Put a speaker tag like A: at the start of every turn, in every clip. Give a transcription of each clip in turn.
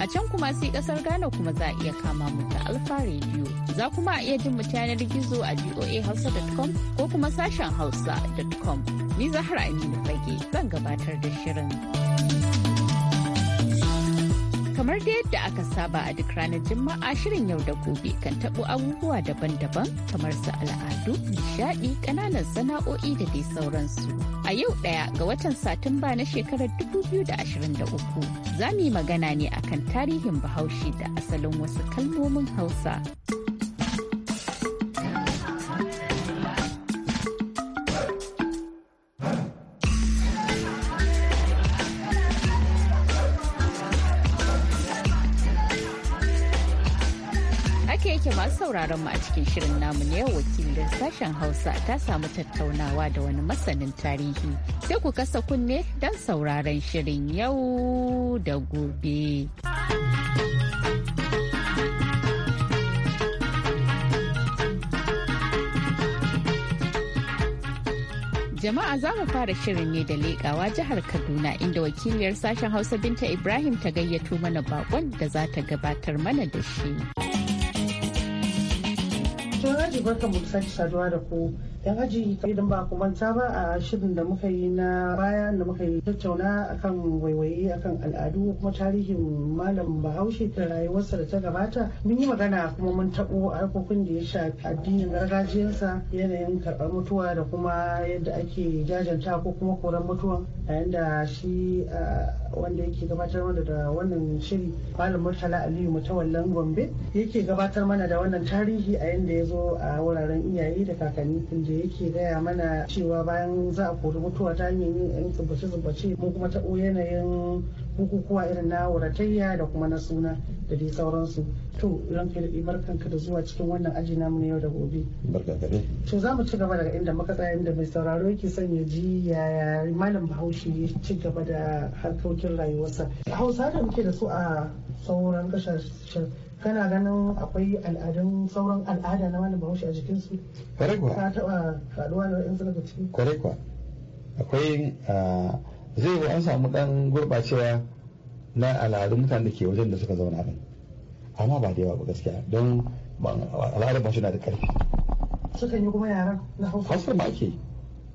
A: A can kuma sai kasar Ghana kuma za a iya kama mu ta Alfa Radio. Za kuma a iya jin mu yanar gizo a voahausa.com ko kuma sashen hausa.com. Ni Zahra Aminu Fage zan gabatar da shirin. kamar da yadda aka saba a duk ranar Juma'a shirin yau da gobe kan tabo abubuwa daban-daban kamar su al'adu, nishadi, kananan sana'o'i da dai sauransu. A yau ɗaya ga watan Satumba na shekarar 2023 za mu yi magana ne akan tarihin Bahaushe da asalin wasu kalmomin Hausa. sauraron mu a cikin shirin namu ne yau wakilin sashen Hausa ta samu tattaunawa da wani masanin tarihi. Sai ku kasa kunne don sauraron shirin yau da gobe. Jama'a za mu fara shirin ne da leƙawa jihar Kaduna inda wakiliyar sashen Hausa Binta Ibrahim ta gayyato mana bakon da za ta gabatar mana da shi.
B: Hajji barka mu da sake saduwa yan aji idan ba ku manta ba a shirin da muka yi na baya da muka yi tattauna akan waiwaye akan al'adu kuma tarihin malam bahaushe da rayuwarsa da ta gabata mun yi magana kuma mun taɓo harkokin da ya shafi addinin gargajiyarsa yanayin karɓar mutuwa da kuma yadda ake jajanta ko kuma koran mutuwa yayin da shi wanda yake gabatar mana da wannan shiri malam murtala aliyu mutawallan gombe yake gabatar mana da wannan tarihi a yanda ya zo a wuraren iyaye da kakanni da yake gaya mana cewa bayan za a kori mutuwa ta hanyar yin yan zubace-zubace mu kuma taɓo yanayin bukukuwa irin na wuratayya da kuma na suna da dai sauransu to ka daɗi barkanka da zuwa cikin wannan aji namu na yau da gobe to za mu ci gaba daga inda muka tsaya inda mai sauraro yake son ya ji yaya malam bahaushe ya ci gaba da harkokin rayuwarsa hausa da muke da su a sauran kasashen kana ganin akwai al'adun sauran al'ada na malam bahaushe a jikinsu kwarai kuwa ka taɓa faɗuwa da wa'insu daga
C: ciki kwarai kuwa akwai zai yi an samu ɗan gurɓacewa na al'adun mutanen da ke wajen da suka zauna ɗin amma ba da yawa ba gaskiya don al'adar bashi na da ƙarfi sukan yi kuma yaran na hausa hausa ma ake yi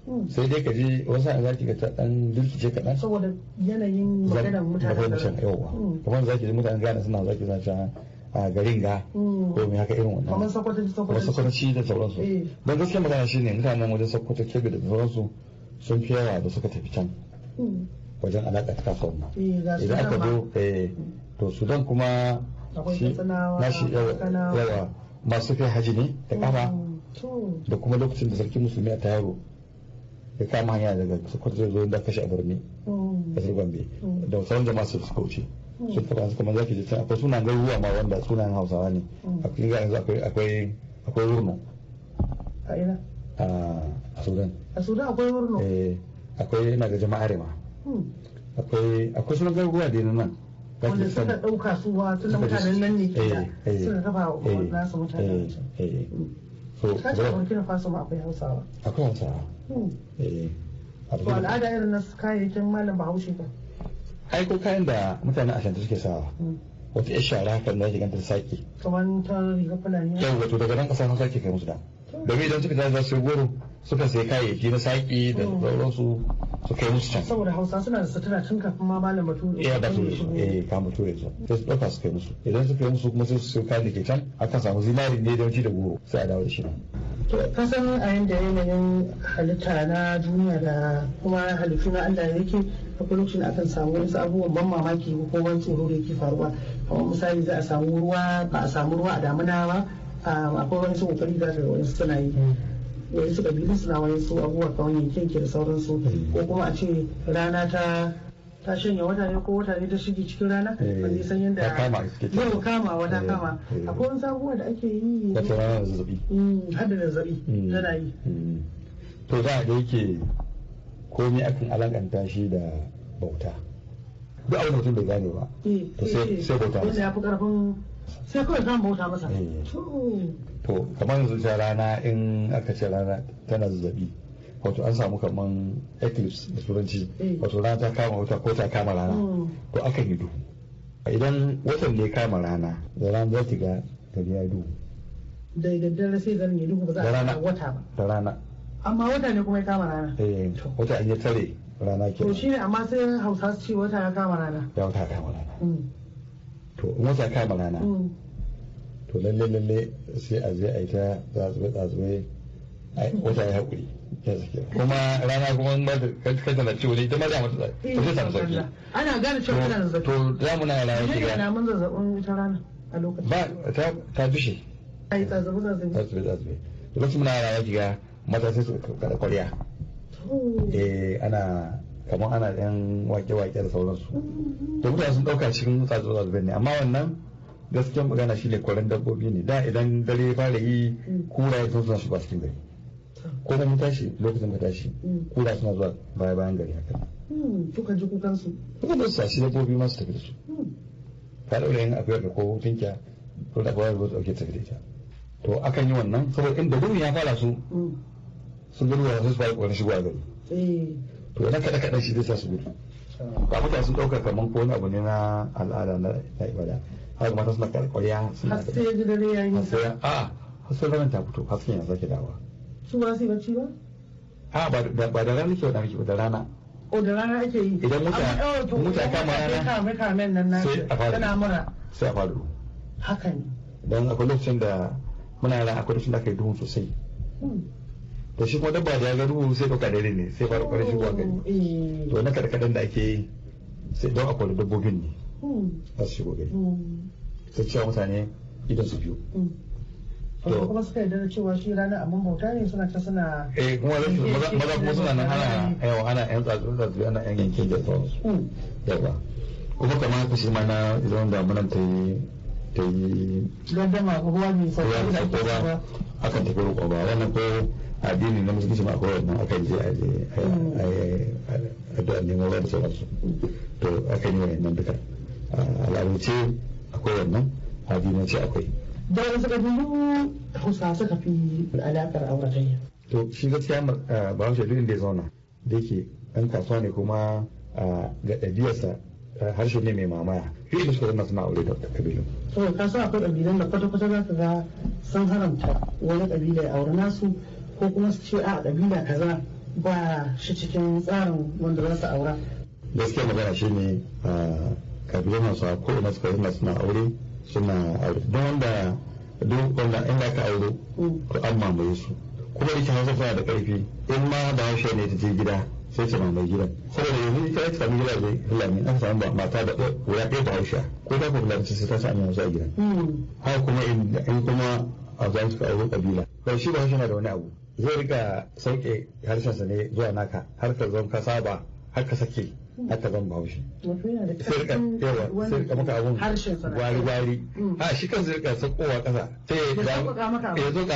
C: hmm. sai dai ka je wasu an zaki ka ta dan ce kaɗan saboda
B: yanayin maganar mutane yawa hmm.
C: kamar zaki ji mutanen gane suna zaki zaki garin ga mm. ko mai haka irin wannan
B: kamar sakwatanci
C: da sauransu eh. don gaskiya magana shine mutanen wajen sakwata kebe da sauransu sun fi yawa da suka tafi can mm. wajen alaƙa ta kasuwan
B: eh, idan aka zo
C: eh, mm. to sudan kuma nashi yawa masu kai haji ne da kama da kuma lokacin da sarki musulmi a tayaro ya kama hanya daga sokoto zuwa da kashe a birni
B: mm. kasar
C: gombe mm. da wasu jama'a su suka wuce sun mm. taba su kamar zaki jita akwai sunan garuruwa ma wanda sunan hausawa ne a cikin ga yanzu akwai akwai akwai wurno a ina a sudan a sudan akwai wurno eh akwai ina ga jama'a rema akwai akwai sunan garuruwa da nan wanda suka
B: dauka su wa mutanen nan ne ke da eh, eh. suna kafa eh, nasu
C: mutanen so kasashen
B: burkina faso ma akwai hausawa
C: akwai hausawa ba al'ada
B: irin na kayayyakin malam bahaushe ba
C: ai ko kayan da mutane a shanta suke sawa hmm. wata yar shara hakan da ganta saki
B: kamar ta riga fulani ne. yau
C: to daga nan kasar sake kai musu da domin idan suka tashi su goro suka sai kayayyaki na saki da hmm. sauransu akwai Houston
B: saboda Hausa suna da sutura tun kafin ma malam Bature eh ba ne
C: ka Bature su eh, sai su ɗauka su kai musu idan su kai musu kuma sai su kai da ke can akan samu zinari ne da da goro sai a dawo da shi
B: to kasan a yanda yanayin halitta na duniya da kuma halittu na Allah yake akwai lokacin akan samu wasu abubuwan ban mamaki ko wani tsoro da yake faruwa kamar misali za a samu ruwa ba a samu ruwa a damuna ba akwai wani su kokari da wani suna yi wasu kabilu suna wani su abubuwa kawai da sauransu ko kuma a ce rana ta ta shanya wata ne ko wata ne ta shige cikin rana a nisan yadda yau kama wata eh, kama eh. akwai wani sabuwa da ake yi ne ta rana
C: zazzabi mm, hada zazzabi mm. tana yi mm. to za a da yake komai akan alakanta shi da bauta duk abin mutum bai gane ba
B: eh, to sai eh, eh. bauta masa sai kawai zan bauta masa
C: to kamar yanzu ta rana in aka ce rana tana zazzabi wato an samu kamar eclipse da turanci wato rana ta kama wata ko ta kama rana hmm. to aka yi duhu idan watan ne kama rana da rana za ta ga gari ya duhu
B: da daddare sai zan yi duhu ba za a wata ba da rana amma wata ne kuma ya kama rana
C: eh wata an ya tare rana ke to
B: ne amma sai hausa su ce wata ya kama rana
C: ya wata ya kama rana mm. to in wata ya kama rana mm. to lalle lalle sai a je a yi ta zazzube zazzube wata ya haƙuri kuma rana kuma in bata kanta na ciwo ne ita ma za mu ta ta sauki eh,
B: ana gane cewa tana zazzabi
C: to za mu na rana ki ga na
B: mun zazzabin wata rana a lokacin ba
C: ta ta dushe
B: ai zazzabi zazzabi
C: zazzabi lokacin muna rana ki ga mata sai su kada kwarya Eh, ana kamar ana yan wake-wake da sauransu to mutane sun dauka cikin tsatsu ne amma wannan gaskiyar magana shi ne kwarin dabbobi ne da idan dare fara yi kura ya suna su ba cikin gari ko da mun tashi lokacin ka tashi kura suna zuwa baya bayan gari haka
B: to hmm, ka ji kukan su
C: da su shi dabbobi ma su tafi da su hmm. ka daura yin akwai da ko hutunkiya ko da akwai da ko dauke tafi da ita to akan yi wannan saboda inda gurin ya fara su hmm. sun gani yanzu su fara wani shigo gari eh. to yana kaɗa kaɗa shi zai sa su gudu ba mutane sun ɗauka kamar ko wani abu ne na al'ada na ibada har mata suna karkwariya suna da sai gidan ya yi sai a hasken ranar ta fito hasken yana sake dawa
B: su ba su bacci ba
C: a ba da rana ke wadanda ke da rana o oh, da rana ake yi idan mutane muta kama rana
B: kame kamen nan na Sai tana mura sai a faru haka ne
C: dan akwai lokacin da muna yara akwai lokacin da aka yi duhun sosai hmm. to shi kuma dabba da ya ga duhu sai ɗauka dare ne sai fara ƙwarar shigowa gari mm,
D: eh. to na
C: karkaɗan da ake yi sai don akwai dabbobin ne mm. za su shigo gari ta mm. cewa mutane idan su biyu to kuma
B: suka yarda da cewa shi ranar abin bauta ne suna ta suna eh
C: kuma maza kuma suna nan ana yawa ana yan tsatsu tsatsu ana yan yankin da sauransu yawa kuma kamar haka shi ma na idan damunan ta yi ta yi gandama ko ruwa ne sauransu akan tafi roƙo ba wannan ko addini na musulunci ma akwai wannan akan je a je a da neman ruwa da sauransu to akan yi wannan duka al'adance akwai wannan addinance akwai
B: da wani suka biyu hausa suka fi alakar auratayya
C: to shi gaskiya ba wace duk inda ya zauna da yake ɗan kasuwa ne kuma ga ɗabiyarsa harshe ne mai mamaya fiye da suka zama suna aure da ƙabilu.
B: to ka akwai ɗabilan da kwata-kwata za ka ga sun haramta wani ƙabila ya aure nasu ko kuma su ce a ƙabila kaza ba shi cikin tsarin wanda za su aura
C: gaskiya magana shi ne a kabilan masu ko ina suka yi suna aure suna aure don wanda duk wanda inda ka aure ko an mamaye su kuma ita hausa suna da ƙarfi in ma da haushe ne ta je gida sai ta mamaye gida. saboda yanzu ita ta sami zai fulani an samu ba mata da wuya ɗaya da hausha ko ta kuma ce sai ta sami hausa a gidan hmm. haka kuma in kuma a zai su ka aure ƙabila to shi da haushe na da wani abu zai riga sauke harshensa ne zuwa naka har ka zo ka saba har ka sake har ka zama bahaushe sai rika yawa sai rika maka abun
B: gwari gwari
C: a shi kan zai rika sakowa kasa sai ya zo ka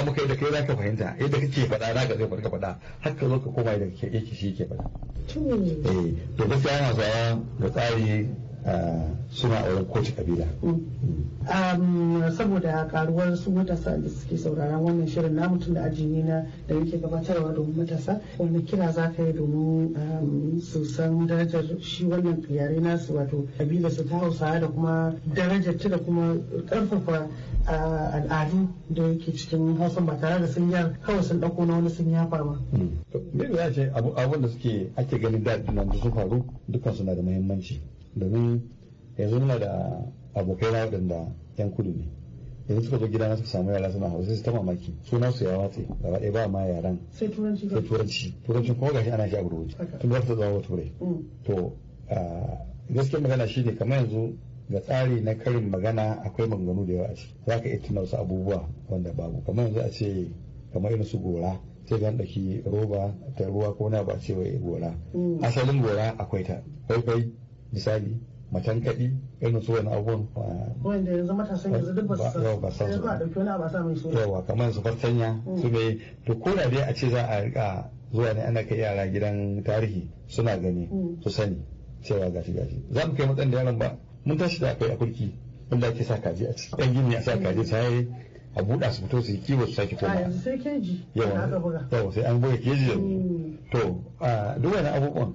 C: maka yadda kai za ka fahimta yadda kake faɗa na ka zai farka faɗa har ka zo ka koma yadda yake shi ke faɗa. to eh, gaskiya yana zuwa ga tsari ah, suna wurin kowace kabila
B: mm. mm. Um, saboda karuwar su matasa da suke saurara wannan shirin na mutum da ajiye na da yake gabatarwa domin matasa wanda kira za ka yi domin um, su san darajar shi wannan yare nasu wato kabila su ta hausa da kuma darajar ta da kuma karfafa uh, al'adu da yake cikin hausa ba tare da sun yar kawai sun dauko na wani sun ya ba.
C: Bin hmm. ya ce abubuwan da suke ake ganin da nan da su faru dukkan suna da muhimmanci domin yanzu muna da abokai na waɗanda yan kudu ne yanzu suka zo gida suka samu yara suna hausa su ta mamaki suna su ya watse gaba ɗaya ba ma yaran
B: sai turanci sai
C: turanci kuma gashi ana shi a gurguje tun ba su wa turai mm. to gaskiyar magana shi ne kamar yanzu ga tsari na karin magana akwai maganganu da yawa a ciki za ka iya tuna wasu abubuwa wanda babu kamar yanzu a ce kamar irin su gora sai ga ɗaki roba ta ruwa ko na ba ce wai gora
D: mm. asalin
C: gora akwai ta kwaikwai misali kaɗi irin su wani abubuwan
B: wanda yanzu matasan yanzu duk ba su yanzu ba ɗauki wani abu sa mai suna yawa
C: kamar su fartanya su bai mm. to ko da dai a ce za a rika zuwa ne ana kai yara gidan tarihi suna gani mm. su sani cewa gashi gashi za mu kai matsan da yaron ba mun tashi da akwai kurki inda ake sa kaji a ciki ɗan gini a sa kaji ta mm. yi a buɗa su fito su yi kiwo su sake koma
B: yanzu sai keji yawa
C: sai an buga keji to duk wani abubuwan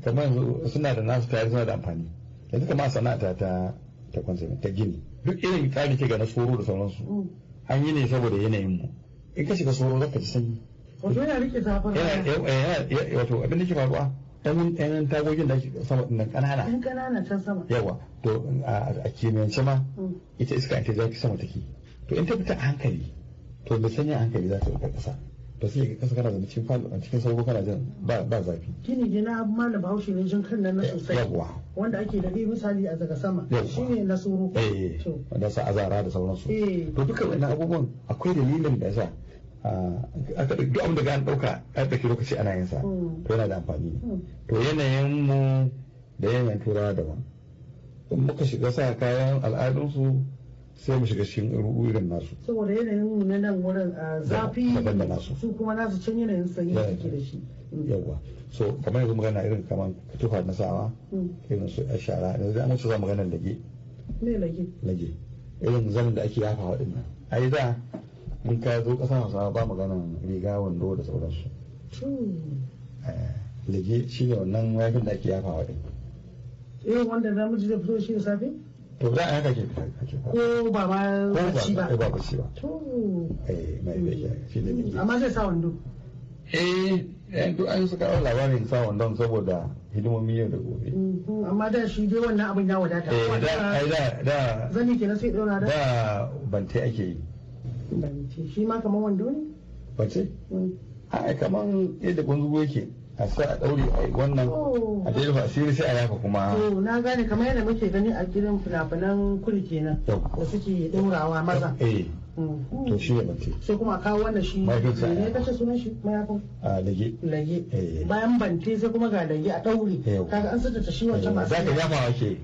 C: kamar yanzu suna da nasu tayar suna da amfani yanzu kama sana'ata ta ta kwanzami ta gini duk irin tsari ke ga na da sauransu mm. an yi ne saboda yanayin mu in ka shiga soro zaka ji sanyi
B: wato yana eh,
C: eh, eh, wato abin da ke faruwa ɗan ɗan tagogin da sama ɗin ƙanana ɗan
B: ƙanana can sama
C: yawa to a kimiyyance ma mm. ita iska in ta zafi sama take to in ta fita a hankali to da sanya hankali za ta ƙasa to sai ka kasa kana zama cikin falo a cikin sauko kana jin ba ba zafi
B: gini gina abu malam bahaushe ne jin kan nan na eh, sosai wanda ake da bi misali a daga sama shine na soro
C: eh, eh. wanda sa azara da sauransu
B: eh. to dukkan
C: wannan abubuwan akwai dalilin da yasa duk abin da an dauka a ɗauki lokaci ana yin sa hmm. to yana da amfani hmm. to yanayin mu da yanayin turawa daban in muka shiga sa kayan al'adunsu sai mu shiga cikin rubu irin nasu
B: saboda yanayin mu na nan wurin zafi su kuma nasu can yanayin sanyi ke da shi
C: yawa so kamar yanzu magana irin kamar tufa na sawa irin su a shara yanzu an wuce za maganar lage ne lage lage irin zanin da ake yafa waɗannan ai da in ka zo ƙasa hausa ba maganar riga wando da sauransu lage shi ne wannan wayafin da ake yafa waɗannan
B: irin wanda namiji da fito shi da safe
C: to za a yanka ke fita ake
B: ko ba ma bacci ba eh, ba bacci ba to
C: eh mai da shi amma zai sa wando eh yan duk an suka kawo labarin sa wandon saboda hidimomi yau da gobe
B: mm-hmm. amma da shi dai wannan abin ya wadata eh da ai da da zani kenan sai dora da
C: da bante ake yi
B: bante shi ma kaman wando ne bante mm.
C: a kaman yadda kunzugo yake a sa a ɗauri a wannan a dai oh. a asiri sai a yafa kuma to
B: na gane kamar yadda muke gani a gidan fina-finan kuri kenan da suke ɗaurawa maza
C: eh to shi ne mace
B: sai kuma kawo wannan shi ne kashe sunan shi mayafin a lage lage eh. bayan bante sai kuma ga lage a ɗauri kaga an sata ta shi wancan masu eh, za ka yafa wa ke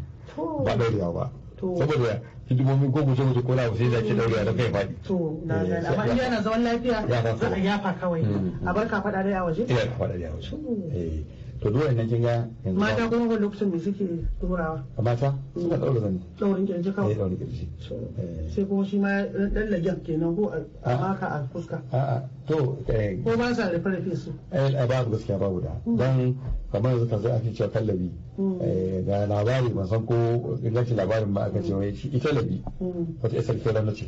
B: ba ɗaurewa
C: ba saboda hidimomi ko guje guje ko sai za ki daure kai fadi
B: To na amma zaman lafiya za a
C: yafa kawai
B: a bar faɗa a waje. faɗa
C: a waje. Eh. to dole ne kin ga yanzu mata
B: kuma ga lokacin da suke turawa
C: mata mm. suna daura zani
B: daurin kirji eh, kawai
C: daurin kirji eh.
B: sai kuma shi ma dan lagen kenan ko a ah. maka a fuska
C: a'a to eh. ko
B: ba sa da farfe su
C: eh babu gaskiya babu da mm. dan kamar yanzu kan sai ake cewa kallabi mm. ga labari ban san ko ingancin labarin ba aka ce wai ita labi wata isar kelan na ce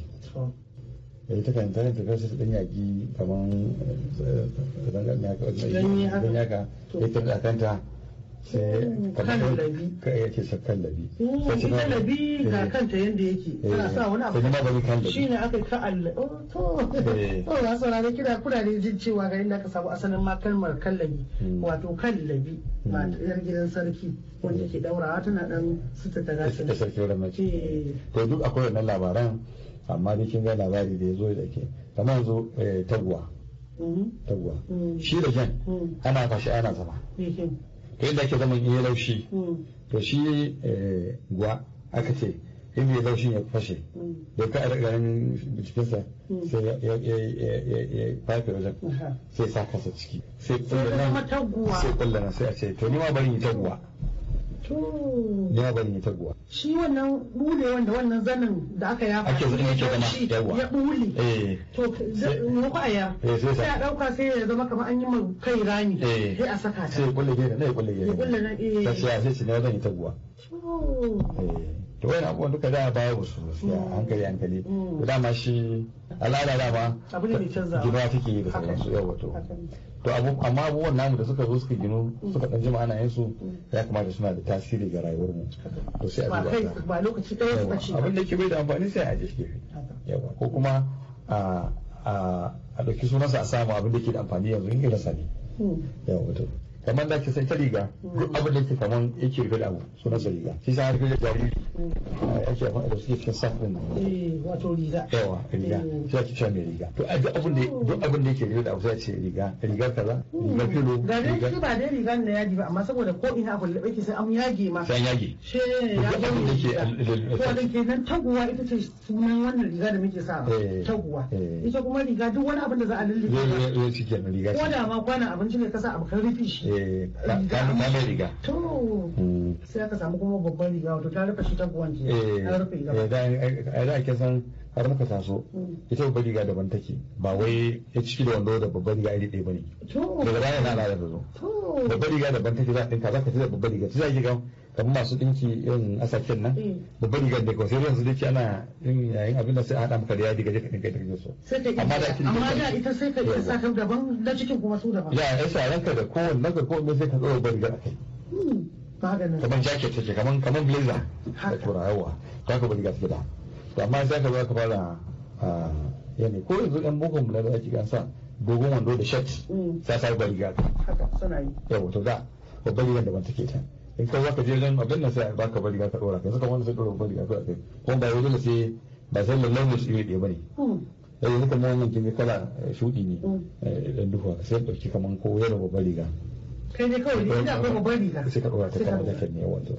C: ita kan ta ta kasa dan yaki kaman zanga yaka dan yaka ita da kanta sai kan labi ka yake sakkan labi ita labi ga
B: kanta yanda yake tana sa wani abu kuma bari kan labi shine aka ka Allah to to na saurare kira kuna ne jin cewa ga inda ka samu asalin ma kalmar kan labi wato kan labi matar gidan sarki wanda ke daurawa tana dan suta ta
C: gasa sarki wurin mace to duk akwai wannan labaran amma dai kin ga labari da ya zo da ke kamar yanzu eh, taguwa mm-hmm. taguwa mm. shi da jan mm. ana fashi ana zama ta yadda ake zaman iya laushi mm. to shi eh, guwa aka ce in yi laushi ya fashe da ka da ganin cikinsa sai ya fafi wajen sai sa kasa ciki sai kullana sai a ce to ni ma bari yi taguwa ya bari ta guwa
B: shi wannan bule wanda wannan zanin da aka ya ake zanin yake zama ya
C: bule eh.
B: to mu kwaya eh, sai a dauka sai ya zama kamar an yi mai kai rami eh. sai a saka ta sai kulle gida ne kulle gida Ya kulle na eh sai
C: sai ne zan ta guwa to wani abubuwan duka da wasu su a mm. hankali hankali mm. to dama shi al'ada dama gina take yi da sauransu yau wato to amma abubuwan namu da suka zo suka gino mm. suka dan jima ana yin su ya kamata suna da tasiri ga rayuwar mu to sai a duba ba
B: lokaci ɗaya suka ci abin da ke
C: bai da amfani sai a je gefe yawa ko kuma a ɗauki sunansa a samu abin da ke da amfani yanzu in rasa ne yawa wato kamar da ke sai ta riga duk abin da ke kamar yake rufe da abu suna sa riga shi sa harfi da jariri eh, ake amma da suke cikin safin nan
B: eh, wato riga yawa
C: riga eh. shi ake cewa mai riga to duk abin da duk abin da yake rufe da abu sai ce riga riga kaza riga filo hmm. riga
B: shi ba dai riga da yaji ba amma saboda ko ina abu da yake sai an yage ma sai yage shi ya ga
D: abin da yake to da
B: ke nan taguwa ita ce sunan wannan riga da muke sa taguwa ita kuma riga duk wani abin da za
C: a riga. ko
B: da ma kwana abinci ne ka sa abu kan
C: rufe shi kamin eh, riga
B: mm. sai aka samu kuma babban riga wato ta rufe shi ta ke eh, ta rufe
C: eh, ake san har muka taso mm. ita babban riga daban take ba wai ya ciki da wando da babban riga iri ɗaya bane daga baya na na da zo babban riga daban take za a za ka ci da babban riga ci za ki kamar masu dinki irin asakin nan mm. bari rigar da kawai yanzu dinki ana yin yayin abin da sai a haɗa maka da yadi gaje ka dinka su
B: amma da kin amma da ita sai ka iya sa daban na cikin kuma su daban ya ya
C: sa ranka da kowanne naka kowanne sai ka tsaya babban rigar akai mm, kamar jacket take kamar kamar blazer da yawa ka ka bari ga da to amma sai ka zo ka fara yani ko yanzu ɗan bokon mu na da ake sa dogon wando da shirt sai sai bari rigar haka suna yi yawa to da babban rigar ban take ta in kai zaka je wajen abin nan sai a baka bari ka dora kai suka wanda sai dora bari ka kai kuma ba wai dole sai ba sai lallan ne shi hmm. ne eh, bane sai yanzu kamar wannan kin kala eh, shudi ne dan hmm. eh, duhuwa sai dauki kaman ko yaro babbar riga
B: kai ne kawai ne inda akwai babbar riga sai ka dora ta kamar da kan ne
C: wato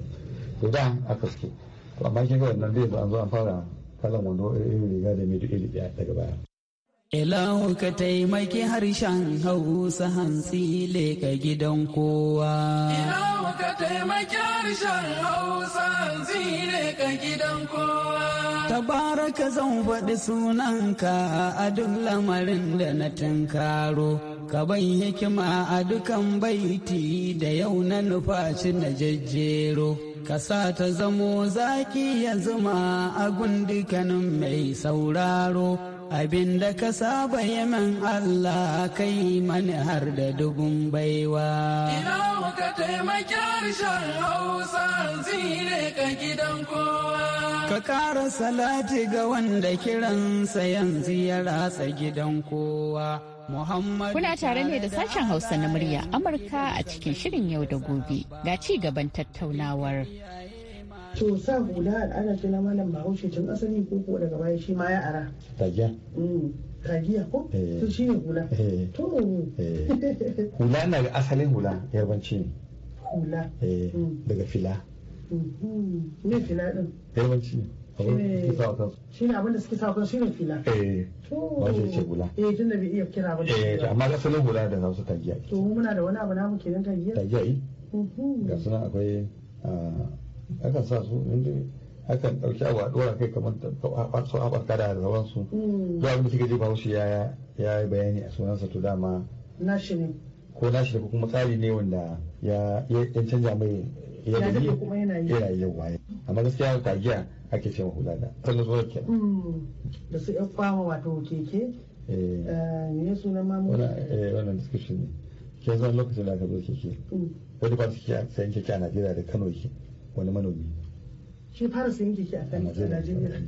C: to da aka suke amma kin ga wannan dai an zo an fara kalan wando irin riga da mai duk iri daya daga baya
D: Ilahu ka taimaki harshen Hausa le ka gidan kowa. Ilahu ka taimaki harshen Hausa ka gidan kowa. Tabaraka zan faɗi sunanka a duk lamarin da na tunkaro. Ka ban hikima a dukan baiti da yau na nufashi na jejjero. Ka sa ta zamo zaki ya zuma a gundukanin mai sauraro. abinda ka saba yaman Allah kai mani har da dubun baiwa. Ina muka taimaki harshen Hausa zire ka gidan kowa. Ka ƙara salati ga wanda kiransa yanzu ya ratsa gidan
A: kowa.
D: Kuna tare ne da sashen Hausa na murya
A: Amurka a cikin shirin yau da gobe ga ci gaban tattaunawar. to
B: sa hula al'adar ce na malam bahaushe
A: tun asali ko ko
B: daga baya shi ma ya ara
C: tagiya kagiya mm, ko eh. to shi ne hula eh. to
B: eh.
C: hula na ga asalin hula yarbanci ne hula mm. daga fila
B: ne mm-hmm. fila din
C: yarbanci ne
B: shi ne abinda suke sa shi ne fila eh ba ce hula eh tun da bai iya kira ba eh amma
C: asalin hula da hausa tagiya
B: to muna da wani abu namu nan tagiya tagiya mm-hmm. ga suna
C: akwai ah, akan sa su inda akan ɗauki abu a ɗora kai kamar su haɓarka da sauransu su. abin da suka je bahaushe ya yi bayani a sunansa to dama nashi ne ko nashi da kuma tsari ne wanda ya canja mai ya da yi
B: yana yi
C: yawa amma gaskiya kagiya ake ce ma hula da sannan zuwa ke
B: da su yan fama wato keke ne eh. eh, sunan mamu eh,
C: wannan description ne ke zan lokacin da aka zo keke mm. wani ba su ke sayan keke a najeriya da kano yake wani manomi
B: shi fara sayan jiki a kan Najeriya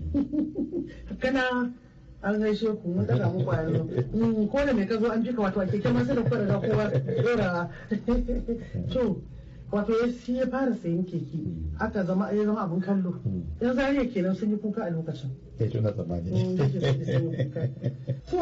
B: kana an gaishe ku mun daga muku a yanzu mm, ko da mai ka zo an jika wato a keke ma sai da kuka daga kowa dora to wato ya shi ya fara sayan keke hmm. aka zama ya zama abin kallo hmm. yan zariya kenan sun yi kuka a lokacin
C: ya eh, tuna tsammani
B: so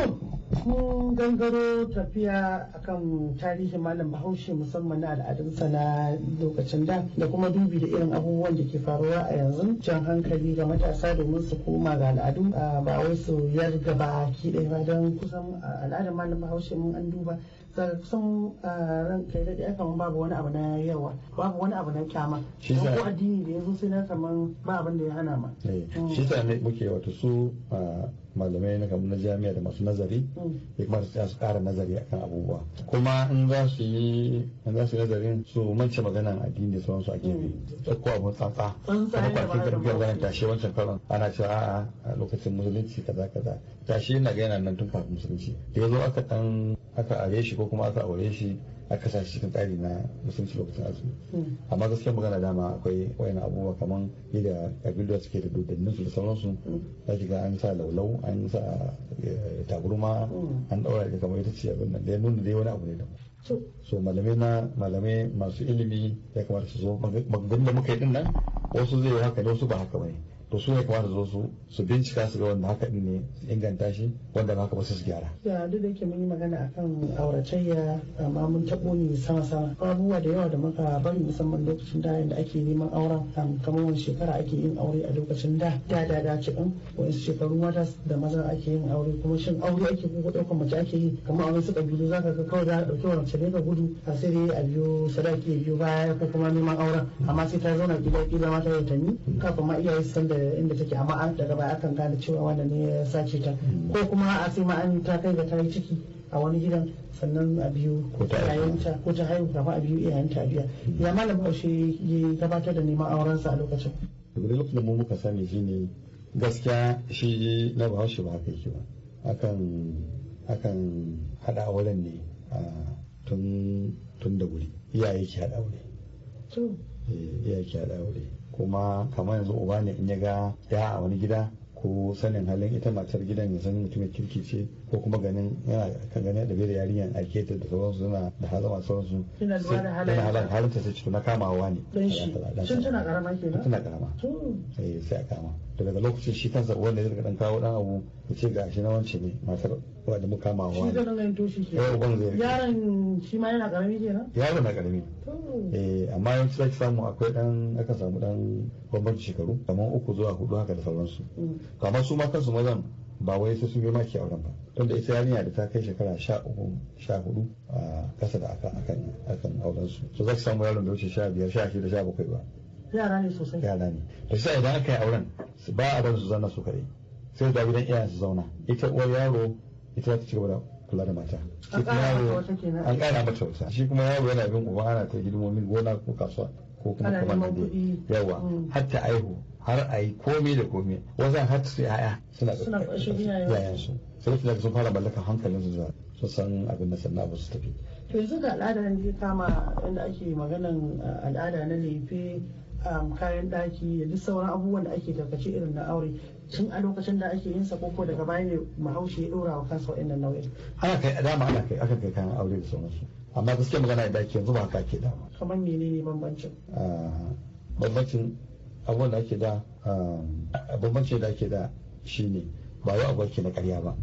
B: mun gangaro tafiya akan tarihin malam bahaushe musamman na al'adunsa na lokacin da da kuma dubi da irin abubuwan da ke faruwa a yanzu Can hankali ga matasa domin su koma ga al'adu ah, ba wai su yarga ba ki ɗaya ba don kusan al'adar malam bahaushe mun an duba sun uh, ranka da dai aka babu wani abu na yawa babu wani abu na kyama shi sa addini da yanzu sai na kaman ba abin da ya hana ma
C: eh, mm. shi sa ne muke wato su uh, malamai na kamar na jami'a da masu nazari mm. ya kamata su kara nazari akan abubuwa kuma in za su yi in za su nazarin su mance maganan addini da sauransu a gefe tsakko mm. abun tsatsa kuma baki garbiyar wani tashe wancan karon ana cewa a'a a lokacin musulunci kaza kaza tashe yana gaya nan tun kafin musulunci da ya zo aka ɗan. aka are shi ko kuma aka aure shi a sa shi cikin tsari na musulunci lokacin azumi hmm. amma gaskiya magana dama akwai wayan abubuwa kamar yadda kabilu suke da dodannin su da sauransu hmm. za ki ga an sa laulau an sa eh, taburma hmm. an daura da kamar ita ce abin nan da ya nuna dai wani abu ne da so malamai na malamai masu ilimi ya kamata su zo maganganun da muka yi din wasu zai haka ne wasu ba haka bane to su ne kamata zo su su bincika su ga wanda haka din ne su inganta shi wanda ba ka ba su su gyara.
B: ya duk da yake mun yi magana akan auratayya amma mun taɓo ne sama sama abubuwa da yawa da muka bari musamman lokacin da da ake neman auren kamar wani shekara ake yin aure a lokacin da da da da ci ɗin wani shekaru mata da maza ake yin aure kuma shin aure ake ko ɗaukar mace ake yi kamar a wasu ƙabilu za ka ga kawai za a ɗauki wani cire ka gudu a sai dai a biyo sadaki ya biyo baya ko kuma neman auren amma sai ta zauna gida kila mata watanni kafin ma iyaye su san da inda take amma daga baya akan gane cewa wannan ne ya sace ta mm. ko kuma a sai ma an ta kai ga ta ciki a wani gidan sannan a biyu iyayenta ko ta haihu kafa
C: a biyu iyayenta a biya ya malam baushe ya gabatar da neman sa a lokacin. lokacin da mu muka sani shine gaskiya shi na bahaushe ba haka yake ba akan akan hada auren ne tun da wuri iyaye ki hada aure eh, iyaye ke hada aure kuma kamar yanzu uba ne in ya ga ya a wani gida ko sanin halin ita matar gidan ya san mutumin kirki ce ko kuma ganin yana kan ganin da bai da yarinyar ake ta da sauransu suna da hazama sauransu
B: suna halar
C: halinta sai cikin na kamawa ne sun tana
B: karama ke ba tana
C: karama eh, sai a kama to daga lokacin shi kansa wanda zai dan kawo dan abu ya ce ga shi na wance ne matar da mu kama wa ne
B: eh, yaron shi ma yana karami kenan
C: yaron na karami eh amma yanzu sai samu akwai dan aka samu dan bambancin shekaru kamar uku zuwa hudu haka da sauransu kamar mm. su ma kansu mazan ba wai sai sun maki ke auren ba don da ita yarinya da ta kai shekara sha uku sha hudu a kasa da aka akan akan auren su to za samu yaron da wuce sha biyar sha shida sha bakwai ba
B: yara ne sosai
C: yara ne da sai idan aka yi auren ba a ran su zanna su kare sai da gidan iyayen su zauna ita uwar yaro ita ta ci gaba da kula da mata shi kuma yaro an kara mata wata shi kuma yaro yana bin uba ana ta hidimomin gona ko kasuwa ko kuma kuma da yawa hatta aihu har a yi komai da komai wajen har su yaya suna yayan su sai daga sun fara mallaka hankalin su zuwa su san abin da sannan abu su tafi
B: to yanzu da al'ada ne zai kama inda ake maganan al'ada na lefe kayan daki da duk sauran abubuwan da ake tarkace irin na aure tun a lokacin da ake yin sakoko daga baya ne mahaushe ya ɗora wa
C: kansa nan nau'in ana kai dama ana kai aka kai kayan aure da sauransu amma gaskiya magana da ake yanzu ba haka ke dama
B: kamar menene bambancin
C: ah, bambancin abubuwan da ake da um, bambancin da ake da shine ba wai aboki na karya ba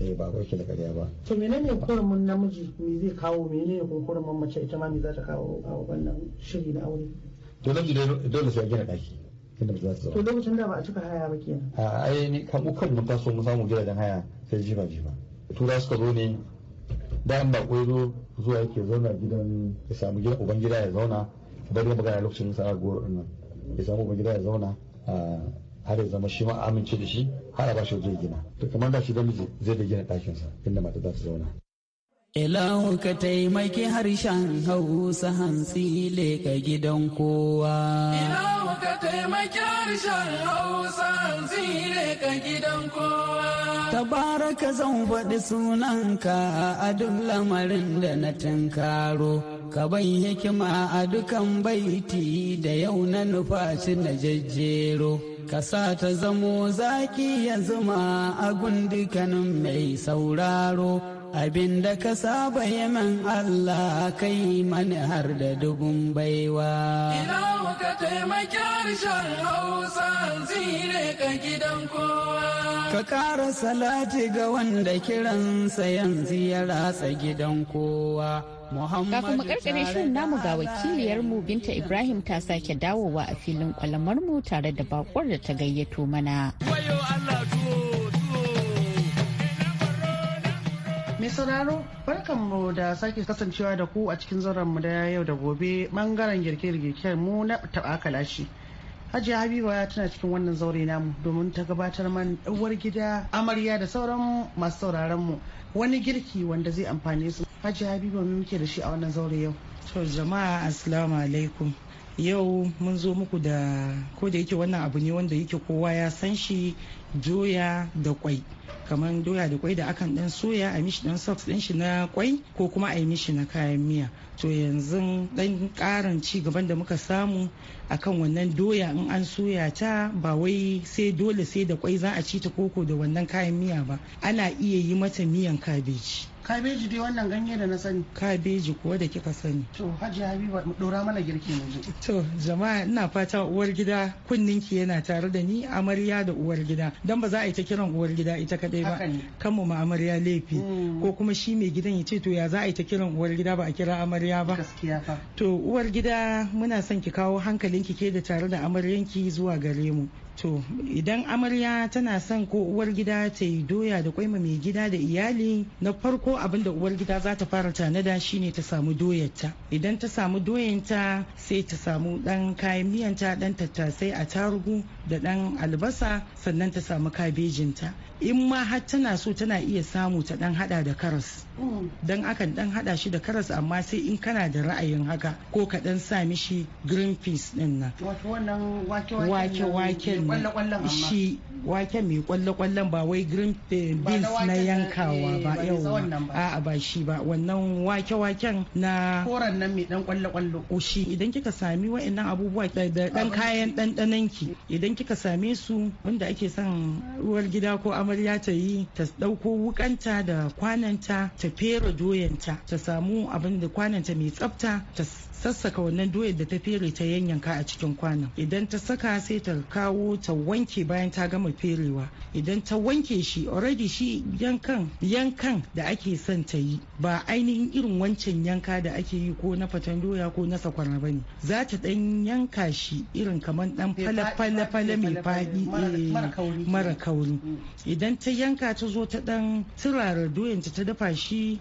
C: eh ba aboki na karya ba
B: to menene hurumin namiji me zai kawo menene hurumin mace ita ma me za ta kawo a wannan shiri na aure
C: to namiji dole sai gina daki inda za su to
B: lokacin da ba a cika haya ba kenan
C: a ai ni kan ukan mun taso mun samu gidajen haya sai jiba jiba tura suka zo ne da an ba zo zuwa yake zauna gidan ya samu gidan uban ya zauna bari ya magana lokacin sa a goro nan ya samu gida ya zauna har ya zama shi ma amince da shi har a ba shi zai gina to kamar da shi da miji zai da gina ɗakinsa inda mata za su zauna
D: Ilahu ka taimaki harshen Hausa hantsi ka gidan kowa. Ilahu ka taimaki harshen Hausa hantsi ka gidan kowa. Tabaraka zan faɗi sunanka a duk lamarin da na tunkaro. ka ban hikima a dukan baiti da yau na nufaci na jejjero ka sa ta zamo zaki ya zuma a gundukanin mai sauraro abinda ka saba yaman Allah kai mani har da dubun baiwa ina taimaki harshen hausa zire ka gidan kowa ka ƙara salati ga wanda kiransa yanzu ya ratsa gidan kowa Kafin mu karkare shirin namu ga wakiliyarmu Binta Ibrahim
A: ta sake dawowa a filin kwalamar mu tare da bakwar da ta gayyato mana. Mai sauraro barkanmu da sake kasancewa da ku a
B: cikin mu da yau da gobe bangaren girke girke mu na taɓa kalashi. hajiya habiba tana cikin wannan zaure namu domin ta gabatar mana uwar gida amarya da sauran masu sauraron mu wani girki wanda zai amfane su hajiya habiba muke da shi a wannan
E: zaure yau to jama'a assalamu alaikum yau mun zo muku da ko da yake wannan abu ne wanda yake kowa ya san shi doya da kwai kamar doya da kwai da akan dan soya a mishi dan socks din shi na kwai ko kuma a mishi na kayan miya to yanzu dan karin ci gaban da muka samu akan wannan doya in an soya ta ba wai sai dole sai da kwai za a ci ta koko da wannan kayan miya ba ana iya yi mata miyan kabeji kabeji dai wannan ganye da na sani kabeji kuwa da kika sani to hajji habiba dora mana girki mu je to jama'a ina fata uwar gida kunninki yana tare da ni amarya da uwar gida dan ba za a yi ta kiran uwar gida ita kadai ba kanmu ma amarya laifi mm. ko kuma shi mai gidan ya ce to ya za a yi ta kiran uwar gida ba a kira amarya ba gaskiya fa to uwar gida muna son ki kawo hankalinki ke da tare da amaryanki zuwa gare mu to idan amarya tana son ko uwar gida ta yi doya da kwaima mai gida da iyali na farko abin da uwar gida za ta fara tanada shine ta samu doyarta idan ta samu doyanta sai ta samu dan kayan miyanta ɗan tattasai a tarugu da ɗan albasa sannan ta samu kabejinta in ma har tana so tana iya samu ta ɗan hada da karas mm. don akan ɗan hada shi da karas amma sai in kana da ra'ayin haka ko ka ɗan sa mishi green peas ɗin nan wake-waken shi Wake mai kwalle-kwallen ba wai green eh, beans na yankawa ba eh, yawa a'a ba shi ba wannan wake-waken na koran nan mai dan kwalle-kwallo shi idan kika sami wa'annan abubuwa da dan kayan ɗanɗanon ki idan kika same su wanda ake son ruwar gida ko amarya ta yi ta dauko wukanta da kwananta ta fere doyanta ta samu abin da kwananta mai tsafta ta sassaka wannan doyar da ta fere ta yanyanka a cikin kwanan idan ta saka sai ta kawo ta wanke bayan ta gama ferewa idan ta wanke shi already shi yankan yankan da ake son ta yi ba ainihin irin wancan yanka da ake yi ko na fatan doya ko na sakwara bane za ta dan yanka shi irin kamar dan fala-fala mai faɗi eh, mara kauri mm. idan ta yanka ta zo ta dan turara doyanta ta dafa shi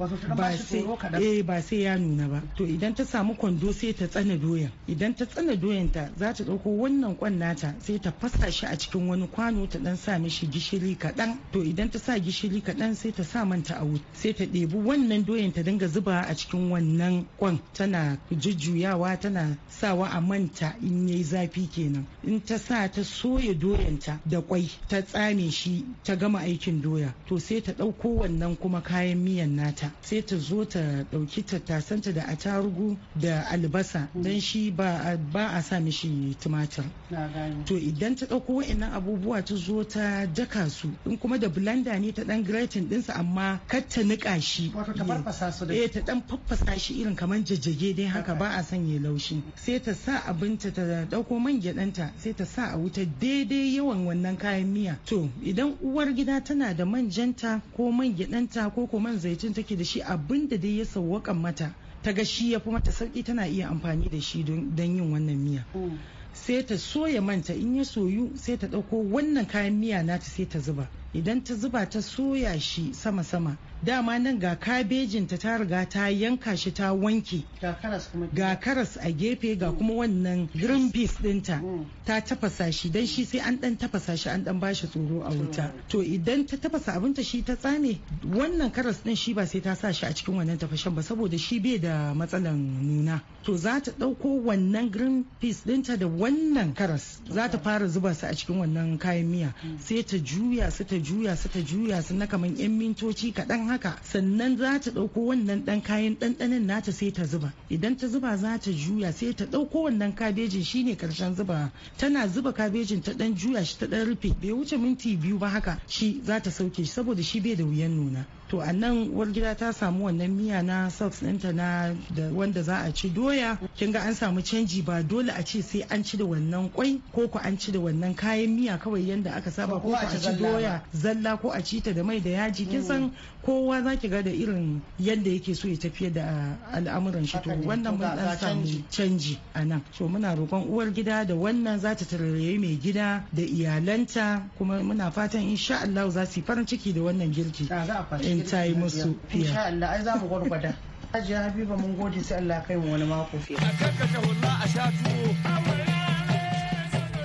E: eh, ba sai ya nuna ba to idan ta samu kwando sai ta tsana doyan idan ta tsane doyan ta za ta ɗauko wannan kwan nata sai ta fasa shi a cikin wani kwano ta dan sa mishi gishiri kaɗan to idan ta sa gishiri kaɗan sai ta sa manta a wuta sai ta ɗebi wannan doyan ta dinga zuba a cikin wannan kwan tana jujjuyawa tana sawa a manta in yayi zafi kenan in ta sa ta soya doyan ta da kwai ta tsame shi ta gama aikin doya to sai ta ɗauko wannan kuma kayan miyan nata sai ta zo ta ɗauki tattasanta da atarugu da al albasa don shi ba a sa mishi tumatir to idan ta ɗauko wa'annan abubuwa ta zo ta daka su in kuma da blanda ne ta dan gratin ɗinsa amma kar ta niƙa shi wato ta dan eh, faffasa shi irin kamar jajjage dai haka ba a son ya laushi sai ta sa abinta ta ɗauko man gyaɗanta sai ta sa a wuta daidai yawan wannan kayan miya to idan uwar gida tana da manjanta ko man gyadanta ko ko man zaitun take da shi abinda dai ya sauwaƙan mata ta ga shi ya fi mata sauki tana iya amfani da shi don yin wannan miya mm. sai ta soya manta in ya soyu sai ta ɗauko wannan kayan miya nata sai ta zuba idan ta zuba ta soya shi sama-sama dama nan ga kabejin ta riga ta yanka shi ta wanke ga karas a gefe ga kuma wannan green peas dinta mm. ta tafasa shi dan shi sai an dan tafasa shi an dan bashi tsoro a wuta to idan ta tafasa abinta shi ta tsame wannan karas din shi ba sai ta sa shi a cikin wannan tafashen ba saboda shi bai da matsalan nuna to za ta dauko wannan green peas dinta da wannan karas za ta fara zuba su a cikin wannan kayan miya sai ta juya su ta juya su ta juya su na kaman yan mintoci kaɗan haka sannan za ta ɗauko wannan ɗan kayan ɗanɗanin nata sai ta zuba idan ta zuba za ta juya sai ta ɗauko wannan kabejin shine karshen zuba tana zuba kabejin ta ɗan juya shi ta ɗan rufe bai wuce minti biyu ba haka shi za ta sauke shi saboda shi bai da wuyan nuna to a nan gida ta samu wannan miya na sauce ɗinta na da wanda za a ci doya kin ga an samu canji ba dole a ce sai an ci da wannan kwai ko ku an ci da wannan kayan miya kawai yanda aka saba ko a ci doya zalla ko a ci ta da mai da yaji kin mm. san kowa za ki ga da irin yadda yake so ya tafiyar da al'amuran shi to wannan mun dan samu canji a nan to muna roƙon uwar gida da wannan za ta tarairayi mai gida da iyalanta kuma muna fatan insha Allah za su yi farin ciki da wannan girki ta yi musu fiya insha Allah ai za mu gwargwada Hajiya Habiba mun gode sai Allah
D: kai mu wani mako. A kakkata
A: wallah a sha tuwo.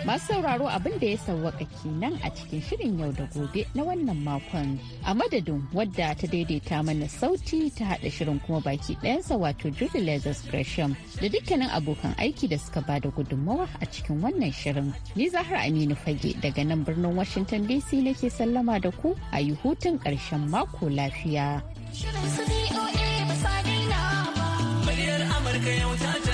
A: Masu sauraro abin da ya sawwaka kenan a cikin shirin yau da gobe na wannan makon. A madadin wadda ta daidaita mana sauti ta hada shirin kuma baki ɗayansa wato Julie Lazarus Gresham da dukkanin abokan aiki da suka ba da gudunmawa a cikin wannan shirin. Ni zahar Aminu Fage daga nan birnin Washington DC nake sallama da ku a yi hutun ƙarshen mako lafiya.
D: Shirin su ba sa daina ba. Amurka yau ta